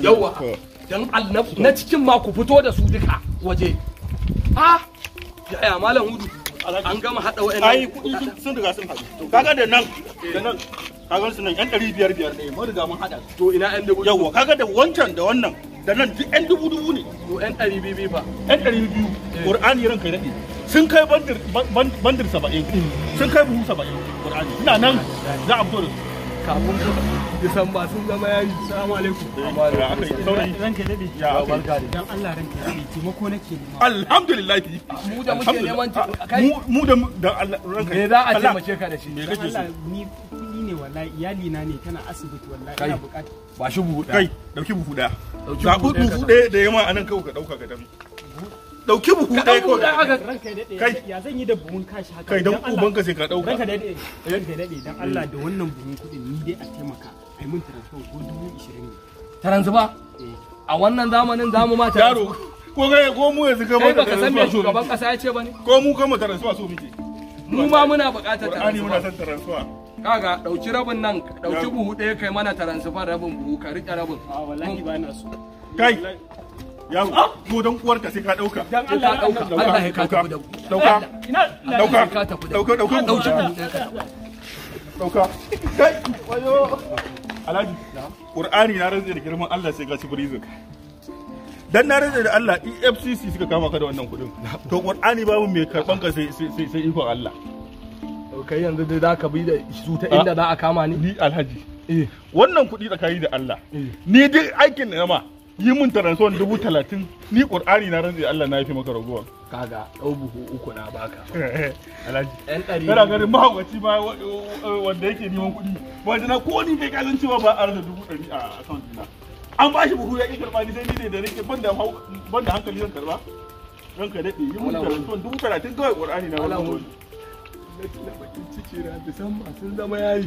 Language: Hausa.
yawa dan allaf na cikin ma ku fito da su duka waje ha yaya malam hudu an gama hada wa'annan ai kudi sun riga sun hadu to kaga da nan da nan kaga su nan yan 500 biyar ne mun riga mun hada to ina yan dubu yawa kaga da wancan da wannan da nan duk yan dubu dubu ne to yan 200 ba yan 200 qur'ani ranka ya dade sun kai bandir bandir 70 sun kai buhu 70 qur'ani ina nan za a fito da su kafin disan ba sun zama yayi assalamu alaikum ran ke dade ya barka da dan Allah ran ke dade taimako nake nema alhamdulillah mu da muke neman ah, mu da dan Allah ran ke za a taimake ka da shi me kake so ni kuɗi ne wallahi iyali na ne tana asibiti wallahi ina bukata ba shi buhu kai dauki buhu daya dauki buhu daya da yamma anan kawai ka dauka ka dami dauki buhu ɗaya ko kai ya zan yi da buhun kashi haka kai dan uban ka sai ka dauka ranka dade ranka dade dan Allah da wannan buhun kudin ni dai a taimaka ai mun transfer ko dubu 20 ne transfer eh. a wannan zamanin zamu ma yaro ko ga ko mu yanzu ga kai ka san me shugaban kasa ya ce ne ko mu mu transfer so muke mu ma muna buƙatar transfer muna san transfer kaga dauki rabin nan dauki buhu ɗaya kai mana transfer rabin buhu ka rike rabin a wallahi ba na so kai yawo ko ah! don uwarka sai ka dauka dan Allah dauka Allah ya ka tafi da dauka dauka dauka dauka dauka kai wayo alhaji qur'ani na rantsa da girman Allah sai ga shi prison dan na rantsa da Allah EFCC suka kama ka da wannan kudin to qur'ani babu mai karban ka sai sai sai ikon Allah kai yanzu dai zaka bi da su ta inda ah. za a kama ni ni alhaji eh. wannan kudi tsakani da Allah eh. ni duk aikin na yi mun taransuwan dubu talatin ni ƙur'ani na rantsi Allah na yafi maka raguwa kaga ɗau buhu uku na baka alhaji ɗan ɗari kana ganin mahaukaci ba wanda yake neman kuɗi wanda na ko ni kai kazan cewa ba a rasa dubu ɗari a account ɗina an ba shi buhu ya ƙi karɓa ni sai ni ne da nake ban da hankali zan karɓa ranka daɗe yi min taransuwan dubu talatin kawai ƙur'ani na na ciki na sun zama yayi